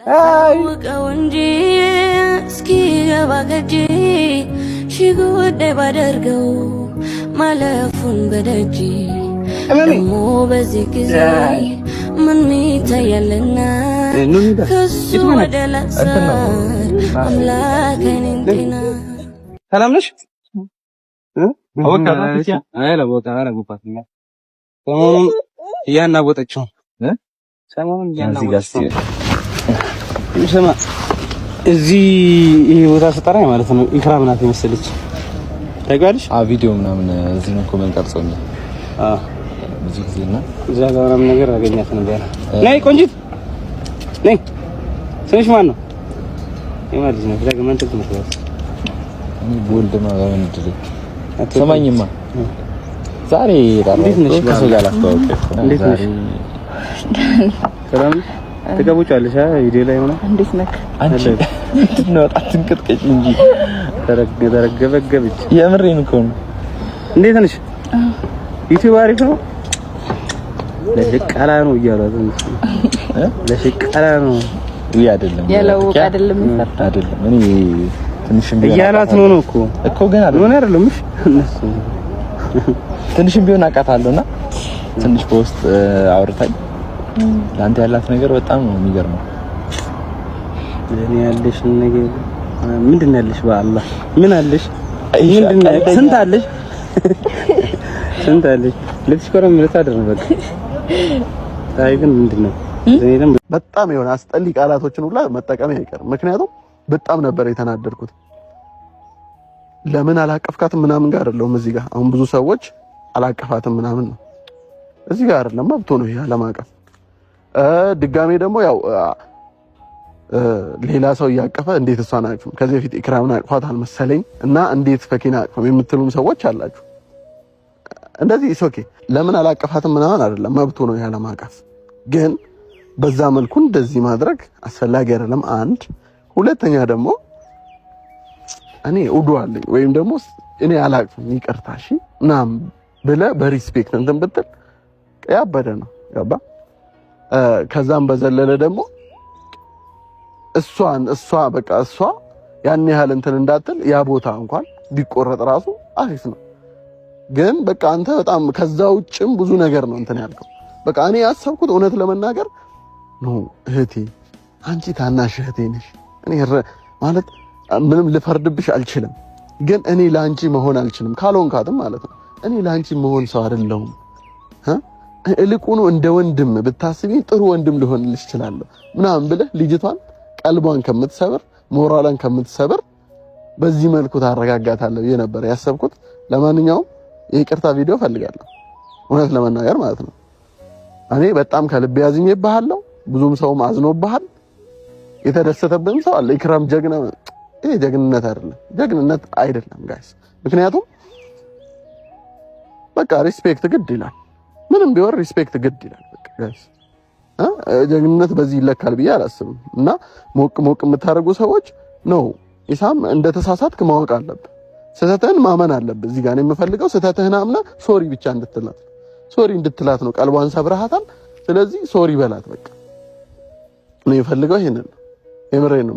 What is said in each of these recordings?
ላውቀው እንጂ እስኪ ገባ ከእጄ ሺ ጉዳይ ባደርገው ማለፉን በደጅ ደግሞ በዚህ ጊዜ ምን ይታያልና ከሱ ወደ ላሳር አምላከን እንጤና ሰላም ነሽ? ሰሞኑን እያናወጠችው ሰሞኑን እያናወጠችው ስማ እዚህ ይሄ ቦታ ስጠራኝ ማለት ነው ኢክራም ናት የመሰለች ታውቂዋለሽ? አዎ ቪዲዮ ምናምን እዚህ ነው ኮመንት ቀርጾኝ አዎ ብዙ ጊዜ እና እዛ ጋር ምናምን ነገር አገኛት ነበረ። ነይ ቆንጂት ነይ። ስምሽ ማን ነው? የማልሽ ነው ፍላግ ማን ትልክ ነው? እኔ ቦልድ ማጋን ድልክ ሰማኝማ ዛሬ ታራ እንዴት ነሽ? ከሰው ጋር እንዴት ነሽ? ሰላም ትገቡጫለሽ ቪዲዮ ላይ ሆነ እንዴት ነክ አንቺ ትነጣ ትንቅጥቀጭ እንጂ ተረገ ተረገበገብች። የምሬን እኮ ነው። እንዴት ነሽ? ዩቲዩብ አሪፍ ነው። ለሽቀላ ነው እያሏት ለሽቀላ ነው ይሄ አይደለም ያለውቅ አይደለም ይፈርድ አይደለም እኔ ትንሽም ቢሆን እያሏት ነው ነው እኮ እኮ ግን አይደለም ነው አይደለም እሺ ትንሽም ቢሆን አውቃታለሁና ትንሽ በውስጥ አውርታኝ ለአንተ ያላት ነገር በጣም ነው የሚገርመው። ለኔ ያለሽ ነገር ምንድን ነው ያለሽ? በአላህ ምን አለሽ? ምንድን ነው ስንት አለሽ? ስንት አለሽ? ልብስ ኮረም ልታደር ነው። በቃ ታይ ግን ምንድን ነው በጣም የሆነ አስጠሊ ቃላቶችን ሁላ መጠቀም አይቀርም። ምክንያቱም በጣም ነበር የተናደድኩት። ለምን አላቀፍካትም ምናምን ጋር አይደለሁም። እዚህ ጋር አሁን ብዙ ሰዎች አላቀፋትም ምናምን ነው። እዚህ ጋር አይደለም መብቶ ነው ይሄ አለማቀፍ ድጋሜ ደግሞ ያው ሌላ ሰው እያቀፈ እንዴት እሷን አቅፍም ከዚህ በፊት ኢክራምን አቅፏት አልመሰለኝ እና እንዴት ፈኪና አቅፍም የምትሉም ሰዎች አላችሁ። እንደዚህ ኦኬ። ለምን አላቀፋትም ምናምን አይደለም፣ መብቱ ነው ያለ ማቀፍ። ግን በዛ መልኩ እንደዚህ ማድረግ አስፈላጊ አይደለም። አንድ ሁለተኛ ደግሞ እኔ ውዱ አለኝ ወይም ደግሞ እኔ አላቅፍም ይቅርታ እሺ ምናምን ብለህ በሪስፔክት እንትን ብትል ያበደ ነው ያባ ከዛም በዘለለ ደግሞ እሷን እሷ በቃ እሷ ያን ያህል እንትን እንዳትል ያ ቦታ እንኳን ቢቆረጥ ራሱ አሪፍ ነው። ግን በቃ አንተ በጣም ከዛ ውጭም ብዙ ነገር ነው እንትን ያልከው። በቃ እኔ ያሰብኩት እውነት ለመናገር ኖ እህቴ፣ አንቺ ታናሽ እህቴ ነሽ። እኔ ማለት ምንም ልፈርድብሽ አልችልም፣ ግን እኔ ለአንቺ መሆን አልችልም። ካልሆንካትም ማለት ነው እኔ ለአንቺ መሆን ሰው አይደለሁም። እልቁኑ እንደ ወንድም ብታስቢ ጥሩ ወንድም ልሆንልሽ እችላለሁ ምናምን ብለህ ልጅቷን ቀልቧን ከምትሰብር ሞራሏን ከምትሰብር በዚህ መልኩ ታረጋጋታለህ ብዬ ነበር ያሰብኩት። ለማንኛውም የይቅርታ ቪዲዮ ፈልጋለሁ እውነት ለመናገር ማለት ነው። እኔ በጣም ከልቤ አዝኜብሃለሁ። ብዙም ሰውም አዝኖብሃል። የተደሰተብንም ሰው አለ። ኢክራም ጀግና፣ ይሄ ጀግንነት አይደለም፣ ጀግንነት አይደለም ጋይስ። ምክንያቱም በቃ ሪስፔክት ግድ ይላል። ምንም ቢሆን ሪስፔክት ግድ ይላል። በቃ ጋይስ ጀግንነት በዚህ ይለካል ብዬ አላስብም። እና ሞቅ ሞቅ የምታደርጉ ሰዎች ነው ኢሳም እንደ ተሳሳትክ ማወቅ አለብህ። ስህተትህን ማመን አለብህ። እዚህ ጋር የምፈልገው ስህተትህን አምና ሶሪ ብቻ እንድትላት ሶሪ እንድትላት ነው። ቀልቧን ሰብረሃታል። ስለዚህ ሶሪ በላት በቃ ነው የፈልገው። ይሄንን የምሬ ነው።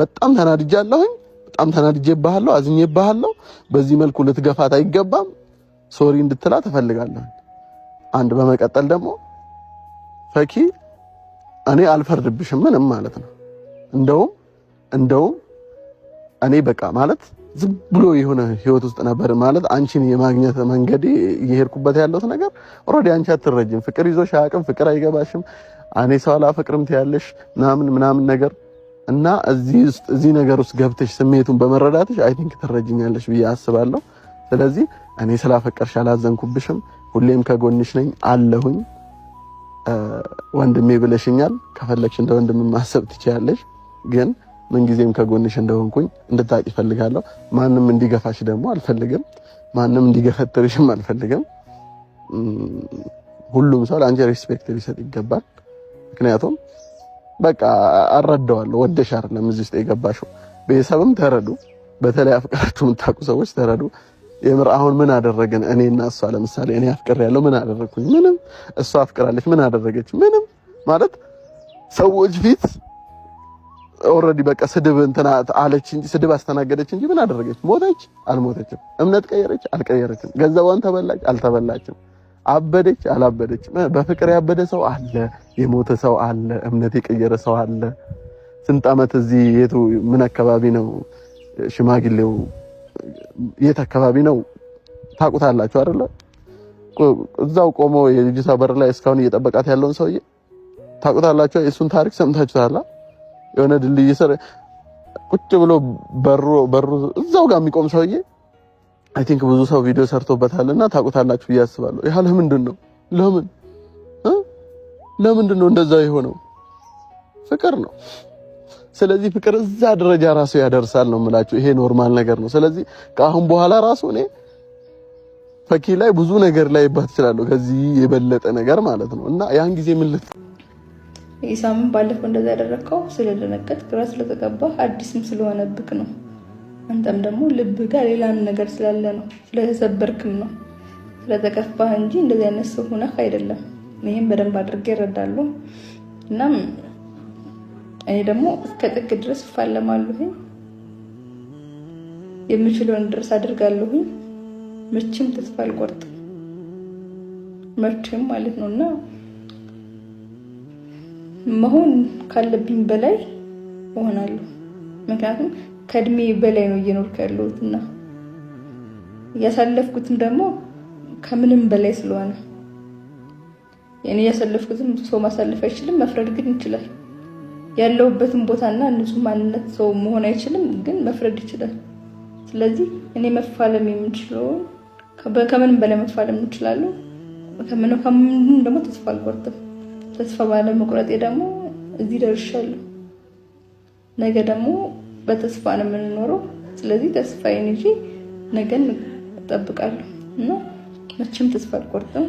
በጣም ተናድጃለሁኝ፣ በጣም ተናድጄብሃለሁ፣ አዝኜብሃለሁ። በዚህ መልኩ ልትገፋት አይገባም። ሶሪ እንድትላት እፈልጋለሁ። አንድ በመቀጠል ደግሞ ፈኪ እኔ አልፈርድብሽም ምንም ማለት ነው። እንደውም እንደውም እኔ በቃ ማለት ዝም ብሎ የሆነ ህይወት ውስጥ ነበር ማለት አንቺን የማግኘት መንገድ እየሄድኩበት ያለሁት ነገር ኦልሬዲ አንቺ አትረጅም፣ ፍቅር ይዞሽ አያውቅም፣ ፍቅር አይገባሽም፣ እኔ ሰው አላፈቅርም ትያለሽ ምናምን ምናምን ነገር እና እዚህ ነገር ውስጥ ገብተሽ ስሜቱን በመረዳትሽ አይ ቲንክ ትረጅኛለሽ ብዬ አስባለሁ። ስለዚህ እኔ ስላፈቀርሽ አላዘንኩብሽም ሁሌም ከጎንሽ ነኝ አለሁኝ ወንድሜ ብለሽኛል። ከፈለግሽ እንደ ወንድም ማሰብ ትችያለሽ፣ ግን ምንጊዜም ከጎንሽ እንደሆንኩኝ እንድታቂ እፈልጋለሁ። ማንም እንዲገፋሽ ደግሞ አልፈልግም። ማንም እንዲገፈትርሽም አልፈልግም። ሁሉም ሰው ለአንቺ ሪስፔክት ሊሰጥ ይገባል። ምክንያቱም በቃ አረደዋለሁ። ወደሽ አይደለም እዚህ ውስጥ የገባሽው። ቤተሰብም ተረዱ፣ በተለይ አፍቅራችሁ የምታውቁ ሰዎች ተረዱ። የምር አሁን ምን አደረገን? እኔና እሷ ለምሳሌ እኔ አፍቅር ያለው ምን አደረግኩኝ? ምንም። እሷ አፍቅራለች፣ ምን አደረገች? ምንም። ማለት ሰዎች ፊት ኦልሬዲ በቃ ስድብ እንትና አለች እንጂ ስድብ አስተናገደች እንጂ ምን አደረገች? ሞተች አልሞተችም። እምነት ቀየረች አልቀየረችም። ገንዘቧን ተበላች አልተበላችም። አበደች አላበደችም። በፍቅር ያበደ ሰው አለ፣ የሞተ ሰው አለ፣ እምነት የቀየረ ሰው አለ። ስንት ዓመት እዚህ የቱ ምን አካባቢ ነው ሽማግሌው የት አካባቢ ነው ታውቁታላችሁ አይደለ? እዛው ቆሞ የልጅቷ በር ላይ እስካሁን እየጠበቃት ያለውን ሰውዬ ታውቁታላችሁ። የእሱን ታሪክ ሰምታችሁታል? የሆነ ድልድይ ስር ቁጭ ብሎ በሩ በሩ እዛው ጋር የሚቆም ሰውዬ አይ ቲንክ ብዙ ሰው ቪዲዮ ሰርቶበታልና ታውቁታላችሁ ብዬ አስባለሁ። ያ ለምንድን ነው ለምን ለምንድን ነው እንደዛ የሆነው? ፍቅር ነው። ስለዚህ ፍቅር እዛ ደረጃ ራሱ ያደርሳል ነው የምላችሁ። ይሄ ኖርማል ነገር ነው። ስለዚህ ከአሁን በኋላ ራሱ እኔ ፈኪ ላይ ብዙ ነገር ላይ ይባት እችላለሁ ከዚህ የበለጠ ነገር ማለት ነው። እና ያን ጊዜ ምን ልት ኢሳምን ባለፈው እንደዛ ያደረግከው ስለደነቀት ግራ ስለተቀባህ አዲስም ስለሆነብክ ነው። አንተም ደግሞ ልብ ጋር ሌላም ነገር ስላለ ነው። ስለተሰበርክም ነው። ስለተከፋህ እንጂ እንደዚህ አይነት ሰው ሆነህ አይደለም። ይህም በደንብ አድርጌ ይረዳሉ እናም እኔ ደግሞ እስከ ጥግ ድረስ እፋለማለሁኝ፣ የምችለውን ድረስ አድርጋለሁኝ። መቼም ተስፋ አልቆርጥም፣ መቼም ማለት ነው እና መሆን ካለብኝ በላይ እሆናለሁ። ምክንያቱም ከእድሜ በላይ ነው እየኖርኩ ያለሁት እና ያሳለፍኩትም ደግሞ ከምንም በላይ ስለሆነ እኔ ያሳለፍኩትም ሰው ማሳለፍ አይችልም፣ መፍረድ ግን ይችላል። ያለሁበትን ቦታና ንጹህ ማንነት ሰው መሆን አይችልም፣ ግን መፍረድ ይችላል። ስለዚህ እኔ መፋለም የምችለውን ከምንም በላይ መፋለም እንችላለሁ። ከምንም ደግሞ ተስፋ አልቆርጥም። ተስፋ ባለመቁረጤ ደግሞ እዚህ ደርሻለሁ። ነገ ደግሞ በተስፋ ነው የምንኖረው። ስለዚህ ተስፋ ይዤ ነገን እጠብቃለሁ እና መቼም ተስፋ አልቆርጥም።